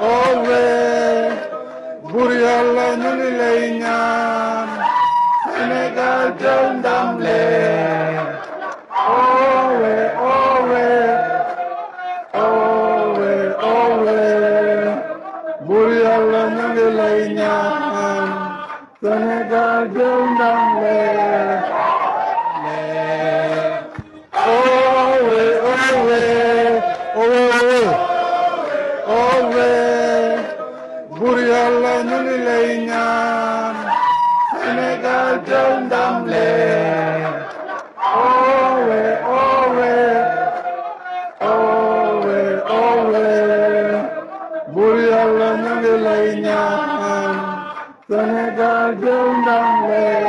owe bur yàlla ñu ngi lay ñaan Sénégal jël ndam le owe owe owe owe bur yàlla ñu ngi lay ñaan Sénégal jël ndam le buur yàlla ñu ngi lay ñaan Sénégal jël ndam le owe owe owe owe buur yàlla ñu ngi lay ñaan Sénégal jël ndam